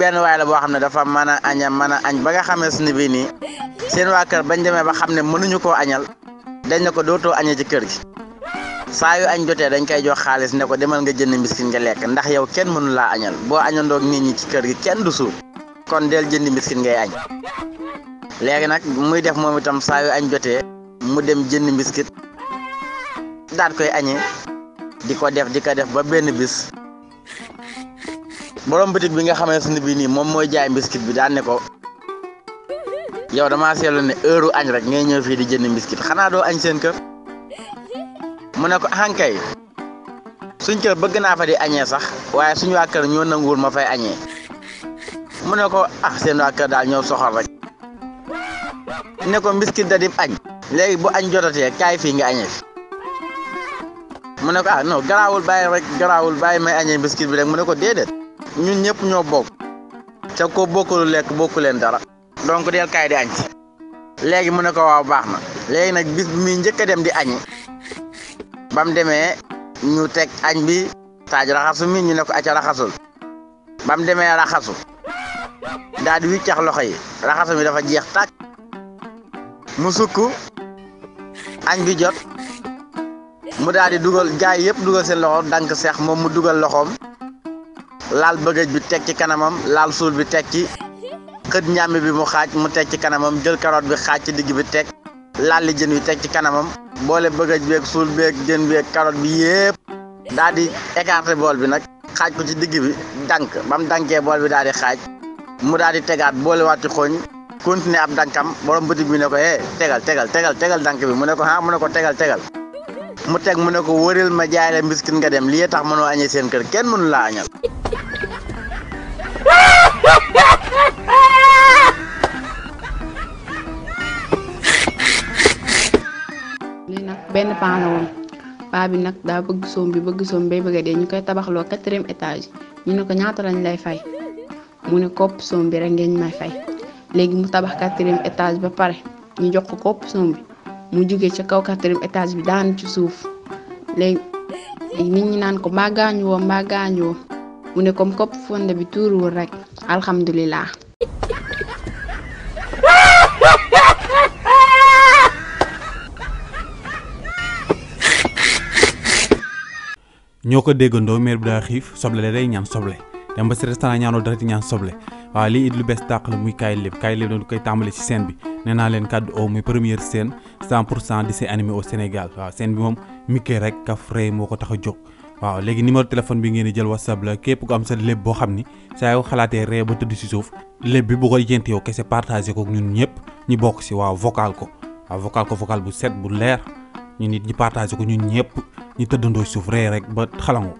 benn waay la boo xam ne dafa mën a aña man a añ ba nga xamee su ne bii nii seen waa kër bañ demee ba xam ne mënuñu koo añal dañ ne ko dootoo aña ci kër gi saa yu añ jotee dañ koy jox xaalis ne ko demal nga jënd mbiskit nga lekk ndax yow kenn mënu laa añal boo añandoog nit ñi ci kër gi kenn du suur kon del jënd mbiskit ngay añ léegi nag muy def moom itam saa yu añ jotee mu dem jënd mbiskit daat koy añee di ko def di ko def ba benn bis borom bitig bi nga xamante ne bii nii moom mooy jaay mbiskit bi daan ne ko yow damaa seetlu ne heure añ rek ngay ñëw fii di jënd mbiskit xanaa doo añ seen kër mu ne ko ankay suñ kër bëgg naa fa sax waaye suñu waa kër ñoo nanguwul ma fay añee ne ko ah seen waa kër daal ñoo soxal rek ne ko mbiskit ko ah non garaawul bàyyi rek garaawul bàyyi may añee mbiskit bi rek mu ne ko déedéet ñun ñëpp ñoo bokk ca ko bokkulu lekk bokku leen dara donc del kaay di añ léegi mu ne ko waaw baax na léegi nag bis bi muy njëkk a dem di añi ba mu demee ñu teg añ bi taaj raxasu mi ñu ne ko acca raxasul ba mu demee raxasu daal wiccax loxo yi raxasu mi dafa jeex tàkk mu sukk añ bi jot mu daal di dugal jaay yëpp dugal seen loxo dank seex moom mu dugal loxoom laal bëggëj bi teg ci kanamam laal suul bi teg ci xët ñàmbi bi mu xaaj mu teg ci kanamam jël karoot bi xaaj ci digg bi teg laal li jën wi teg ci kanamam boole bëggëj beeg suul beeg jën beeg karoot bi yépp daal di écarter bool bi nag xaaj ko ci digg bi dànk ba dankee bool bi daal di xaaj mu daal di tegaat boolewaat ci xooñ continuer ab dankam borom bëtig bi ne ko eh tegal tegal tegal dank bi mu ne ko ah mu ne ko tegal tegal mu teg mu ne ko wëril ma jaay la mbiskit nga dem lii tax mënoo añee seen kër kenn mënu laa añal benn paa la woon paa bi nag daa bëgg soom bi bëgg soom bay bëgg de ñu koy tabaxloo quatrième étage ñu ne ko ñaata lañ lay fay mu ne kopp soom bi rek ngeen may fay léegi mu tabax quatrième étage ba pare ñu jox ko kopp soom bi mu jógee ci kaw quatrième étage bi daan ci suuf léegi nit ñi naan ko mbaa gaañu woo mbaa gaañu mu ne comme kopp fonde bi tuuruwul rek alhamdulilah. ñoo ko déggandoo maire bi daa xiif soble la day ñaan soble dem ba si restaurant ñaanoo dara di ñaan soble waaw lii it lu bees tàq la muy kaay lépp kaay lépp doon koy tàmbali ci seen bi nee naa leen kàddu oo muy première scène 100 pour cent dessin animé au Sénégal waaw scène bi moom Mickey rek kaf rey moo ko tax a jóg. waaw léegi numéro téléphone bi ngeen di jël whatsapp la képp ku am sa lépp boo xam ni saa yoo xalaatee ree ba tëdd si suuf lépp bi bu ko jënt yow kese partagé ko ñun ñëpp ñu bokk si waaw ko waaw vocal ko vocal bu set bu leer ñu nit ñi partagé ko ñun ñëpp. ñu tëddandoo suuf ree rek ba xalangu